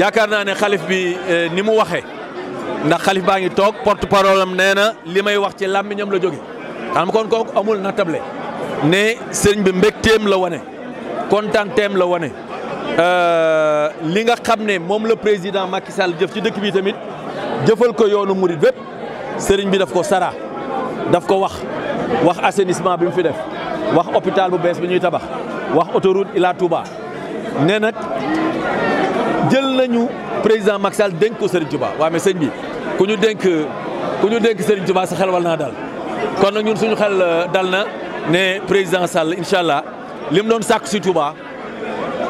yaakaar naa ne xalif bi eh, ni mu waxee ndax xalif baa ngi toog porte parole am nee na li may wax ci làmmiñam la jóge xam kon kooku amul na table ne sëriñ bi mbégteem la wane kontaanteem la wane eh, li nga xam ne moom la président Macky jëf ci dëkk bi tamit jëfal ko yoonu murit bépp sëriñ bi daf ko sara daf ko wax wax assainissement bi mu fi def wax hôpital bu bees bi ñuy tabax wax autoroute Ila Touba ne président Maxal denk ko Serigne Touba wa mais serigne bi ku ñu dénk ku ñu dénk Serigne Touba sa xel wal naa dal kon nag ñun suñu xel euh, dal na président Sall inshallah lim doon sàkk si Touba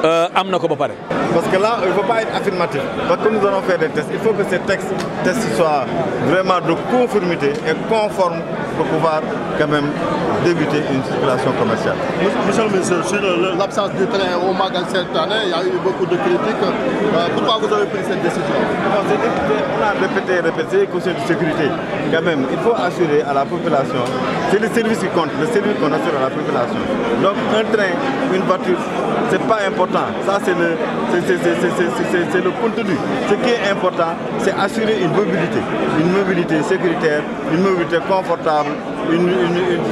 euh amna ko ba paré Parce que là, il ne faut pas être affirmatif. Parce que nous allons faire des tests. Il faut que ces textes, tests soient vraiment de conformité et conformes pour pouvoir quand même débuter une circulation commerciale. Monsieur le ministre, sur l'absence du train au magasin cette année, il y a eu beaucoup de critiques. Euh, pourquoi vous avez pris cette décision On a répété, répété, conseil de sécurité. Quand même, il faut assurer à la population c'est le service qui compte, le service qu'on assure à la population. Donc un train, une voiture, c'est pas important. Ça c'est le, contenu. Ce qui est important, c'est assurer une mobilité. Une mobilité sécuritaire, une mobilité confortable, une,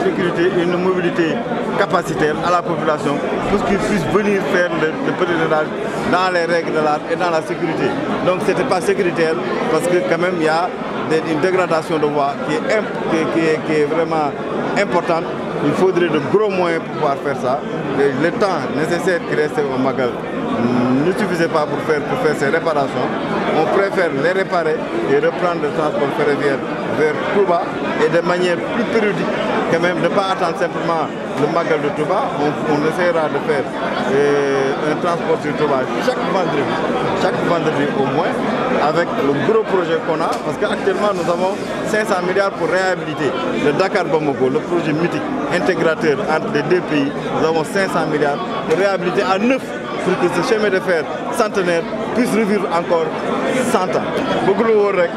sécurité, une mobilité capacitaire à la population pour qu'ils puissent venir faire le, petit dans les règles de l'art et dans la sécurité. Donc ce c'était pas sécuritaire parce que quand même il y a d'une dégradation de voie qui est, vraiment importante. Il faudrait de gros moyens pour pouvoir faire ça. le temps nécessaire qui restait au Magal ne suffisait pas pour faire, pour faire ces réparations. On préfère les réparer et reprendre le transport ferroviaire vers Cuba et de manière plus périodique quand même ne pas attendre simplement le Magal de Touba, on, essaiera de faire euh, un transport sur Touba chaque vendredi, chaque vendredi au moins, avec le gros projet qu'on a, parce qu'actuellement nous avons 500 milliards pour réhabiliter le Dakar Bamako, le projet mythique intégrateur entre les deux pays, nous avons 500 milliards pour réhabiliter à neuf pour que ce chemin de fer centenaire puisse revivre encore 100 ans. Beaucoup de gens,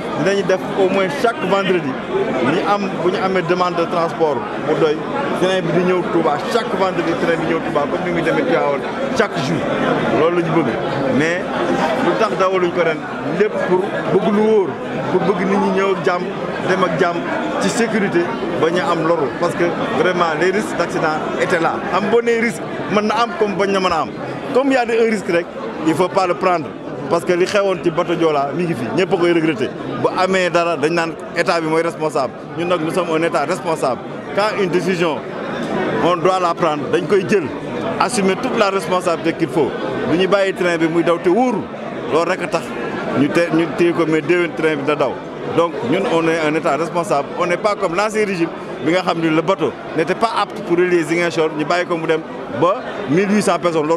dinañ def au moins chaque vendredi ñi am bu ñu amee demande de transport bu doy train bi di ñëw Touba chaque vendredi train bi ñëw Touba comme ni muy demee Tivaouane chaque jour loolu la ñu bëgg mais lu tax dawaluñ ko ren lépp pour bëgg lu wóor pour bëgg nit ñi ñëw ak jàmm dem ak jàmm ci sécurité ba ñu am loru parce que vraiment les risques d'accident étaient là am boo nee risque mën na am comme bañ na mën a am comme yaa a un risque rek i faut pas le prendre parce que les gens ci bateau Joola mi ngi fi koy regretter bu amee dara état responsable nous sommes un état responsable quand une décision on doit la prendre dañ koy assumer toute la responsabilité qu'il faut Nous ñu bàyyi train bi muy daw te wóoru rek tax ñu ñu train donc nous on est un état responsable on n'est pas comme l'ancien régime bi le bateau n'était pas apte pour les Ziguinchor ñu Nous ko mu dem 1800 personnes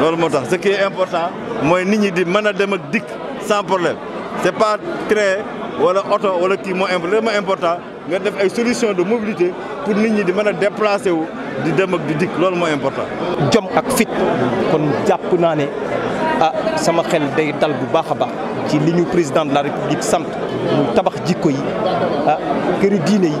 loolu moo tax ce qui est important mooy nit ñi di mën dem ak dikk sans problème c'est pas très wala oto wala qui moo important ma important nga def ay solution de mobilité pour nit ñi di mën a déplacer wu di dem ak di dikk loolu moo important. jom ak fit kon jàpp naa ne ah sama xel day dal bu baax a ci li président de la république sant mu tabax jikko yi ah këri diine yi.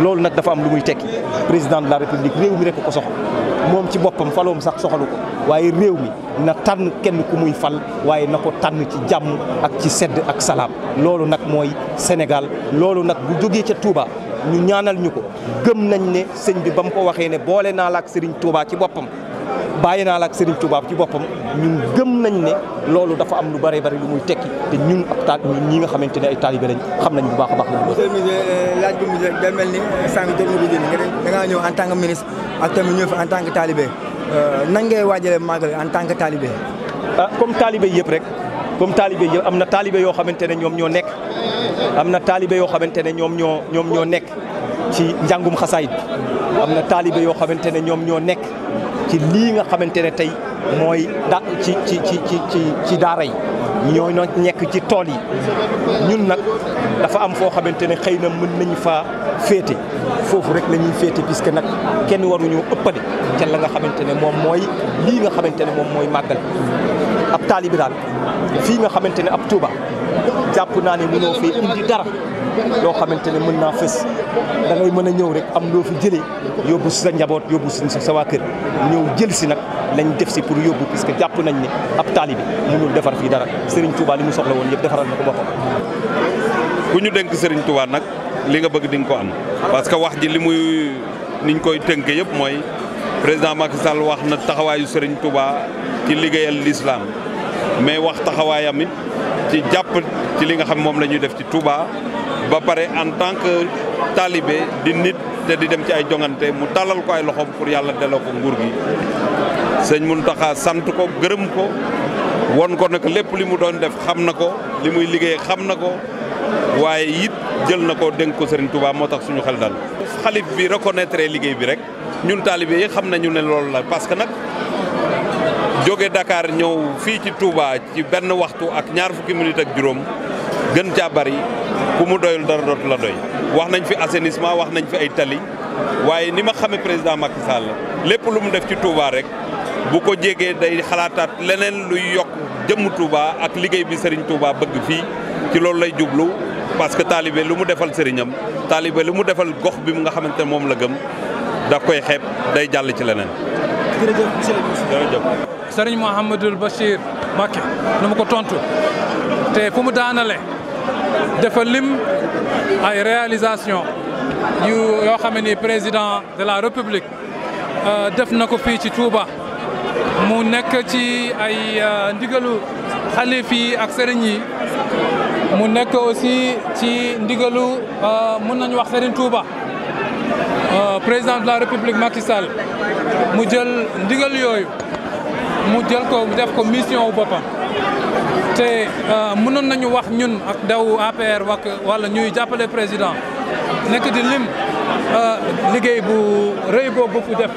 loolu nag dafa am lu muy tekki président de la république réew mi rek ko soxal moom ci boppam faloom sax soxalu ko waaye réew mi na tànn kenn ku muy fal waaye na ko tànn ci jàmm ak ci sedd ak salaam loolu nag mooy Sénégal loolu nag bu jógee ca tuuba ñu ñaanal ñu ko gëm nañ ne sëñ bi ba mu ko waxee ne boole naa la ak Serigne Touba ci boppam bàyyi naa la ak Serigne Touba ci boppam ñun gëm nañ ne loolu dafa am lu bëree bëri lu muy tekki te ñun ab ñi nga xamante ne ay taalibe lañ xam nañ bu baax a baax. monsieur euh, laaj bi mu jël mel ni sànq jot na ñëw en tant que ministre ak tamit ñëw en tant que taalibe euh, nan ngay waajalee màggal en tant que taalibe. ah comme taalibe yëpp rek comme taalibe yëpp am na taalibe yoo xamante ne ñoom ñoo nekk am na taalibe yoo xamante ne ñoom ñoo ñoom ñoo nekk ci njàngum xasaayit am na taalibe yoo xamante ne ñoom ñoo nekk ci lii nga xamante ne tey mooy da ci ci ci ci ci ci daara yi ñoo ñoo nekk ci tool yi ñun nag dafa am foo xamante ne xëy na mën nañu fa féete foofu rek lañuy ñuy féete puisque nag kenn waruñoo ëppale ca la nga xamante ne moom mooy lii nga xamante ne moom mooy màggal ab taalibi daal fii nga xamante ne ab Tuuba jàpp naa ne mënoo fee indi dara loo xamante ne mën naa fës da mën a ñëw rek am loo fi jëlee yóbbu si sa njaboot yóbbu si sa waa kër ñëw jël si nag lañ def si pour yóbbu puisque jàpp nañ ne ab taalibi mënul defar fii dara Serigne Touba li mu soxla woon yëpp defaral na ko boppam. ku ñu denk Serigne Touba nag li nga bëgg di ko am parce que wax ji li muy niñ koy tënkee yëpp mooy président Macky Sall wax na taxawaayu Serigne Touba ci liggéeyal l'islam mais wax taxawaayam it ci jàpp ci li nga xam moom lañuy def ci Touba ba pare en tant que talibé di nit te di dem ci ay jongante mu tàllal ko ay loxoom pour yàlla delloo ko nguur gi sëñ Mountakha sant ko gërëm ko won ko nag lépp li mu doon def xam na ko li muy liggéey xam na ko waaye it jël na ko dénk ko Serigne Touba moo tax suñu xel daal xalif bi reconnaître liggéey bi rek ñun talibé yi xam nañu ne loolu la parce que nag jóge dakaar ñëw fii ci Touba ci benn waxtu ak ñaar fukki minute ak juróom gën caa bari ku mu doyul dara dootu la doy wax nañ fi assainissement wax nañ fi ay tali waaye ni ma xamee président Macky Sall lépp lu mu def ci Touba rek bu ko jégee day xalaataat leneen luy yokk jëmm Touba ak liggéey bi Serigne Touba bëgg fii ci loolu lay jublu parce que taalibe lu mu defal sëriñam taalibe lu mu defal gox bi mu nga xamante ne moom la gëm daf koy xeeb day jàll ci leneen jërëjëf monsieur le ministre. jërëjëf. Serigne Mouhamadul ko tontu te fu mu daanale dafa lim ay réalisation yu yoo xam ni président de la république euh, def na ko fii ci Touba mu nekk ci ay euh, ndigalu xalif fii ak sëriñ yi mu nekk aussi ci ndigalu euh, mën nañu wax Serigne Touba. Euh, président de la république Macky mu jël ndigal yooyu mu jël ko def ko mission wu boppam te euh, mënoon nañu wax ñun ak daw APR wax wala ñuy jàppale président nekk di lim euh, liggéey bu rëy boobu bu def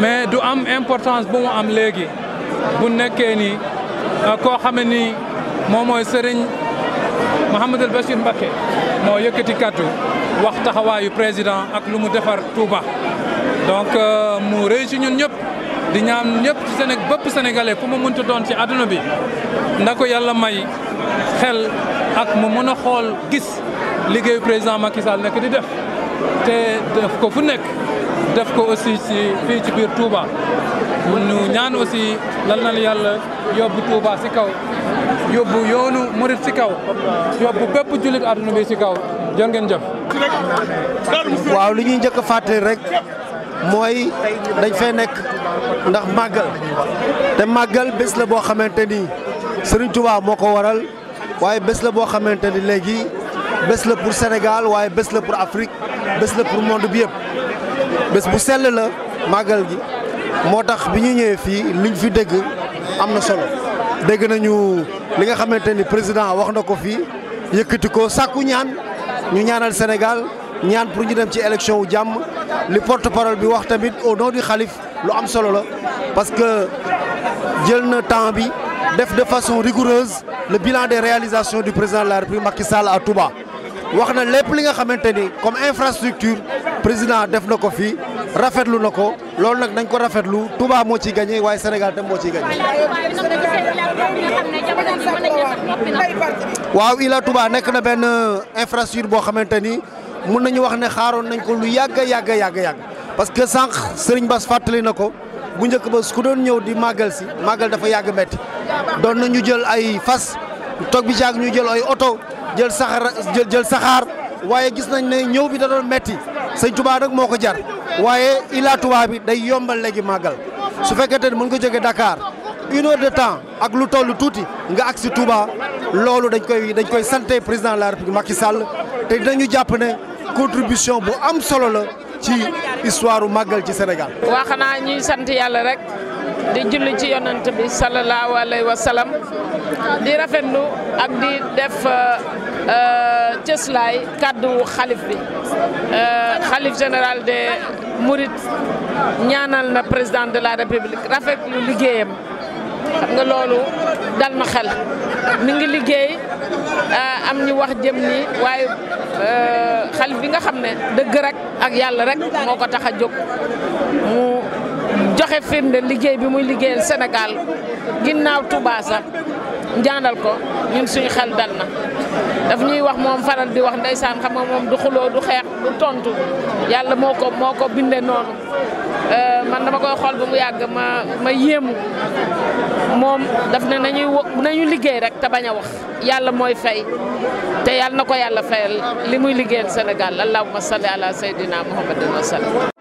mais du am importance bu mu am léegi bu nekkee ni koo xame ni moom mooy Serigne Mouhamadul Bachir Mbacké moo yëkkati kàddu wax taxawaayu président ak lu mu defar Touba. donc euh, mu rëy ci ñun ñëpp di ñaan ñëpp ci Séné bépp sénégalais fu mu mënta doon ci àdduna bi nda ko yàlla may xel ak mu mën a xool gis liggéeyu président Macky Sall nekk di def te def ko fu nekk def ko aussi ci fii ci biir Touba ñu ñaan aussi lan na yàlla yóbbu Touba si kaw yóbbu yoonu murit ci kaw yóbbu bépp jullit àdduna bi si kaw jërë ngeen waaw li ñuy njëkk a fàtte rek mooy dañ fee nekk ndax màggal te màggal bés la boo xamante ni Serigne Touba moo ko waral waaye bés la boo xamante ni léegi bés la pour Sénégal waaye bés la pour Afrique bés la pour monde bi yëpp bés bu sell la màggal gi moo tax bi ñu ñëwee fii liñ fi dégg am na solo dégg nañu li nga xamante ni président wax na ko fii yëkkati ko sàkku ñaan. Nous ñu le Sénégal nous pour ñu dem élection au jàmm Le porte parole au nom du Khalif, le am parce que il temps de façon rigoureuse le bilan des réalisations du président de la République Macky Sall à Touba wax na comme infrastructure président def na rafetlu nako ko nak nag dañ ko rafetlu Touba mo ci gagner waaye senegal tam mo ci gagner waaw Ila Touba nek na ben euh, infrastructure bo xamanteni mën nañu wax ne xaaroon nañ ko lu yàgg yàgg yàgg yàgg parce que sank Serigne Bass fatali nako bu ñëk ba ku doon ñëw di magal si magal dafa yàgg metti doon nañu jël ay fas tok bi jaag ñu jël ay auto jël sahar jël sahar waye gis nañ ne ñëw bi da doon metti sëñ Touba nag moo ko jar waaye Ila Touba bi day yombal léegi màggal su fekkente ne mën nga jógee Dakar une heure de temps ak lu toll tuuti nga agsi Touba loolu dañ koy dañ koy santé président de la République Macky Sall te dañu jàpp ne contribution bu am solo la ci histoire màggal ci Sénégal. waa xanaa ñuy sant yàlla rek di julli ci yonant bi sallallahu alayhi wa sallam di rafetlu ak di def. cëslaay euh, kàddu xalif bi euh, xalif général de Mouride ñaanal na président de la république rafet lu liggéeyam nga loolu dal na xel mi ngi liggéey euh, am ñu wax jëm ni waaye xalif bi nga xam ne dëgg rek ak yàlla rek moo ko tax a jóg mu joxe firnde liggéey bi muy liggéeyal Sénégal ginnaaw Touba sax njaanal ko ñun suñu xel dal na daf ñuy wax moom faral di wax ndeysaan xam nga moom du xuloo du xeex du tontu yàlla moo ko moo ko bindee noonu euh, man dama koy xool ba mu yàgg ma ma yéemu moom daf ne nañuy nañu liggéey rek te bañ a wax yàlla mooy fay te yàlla na ko yàlla fayal li muy liggéeyal Sénégal allahumma salli ala sayyidina muhammadin wa sallam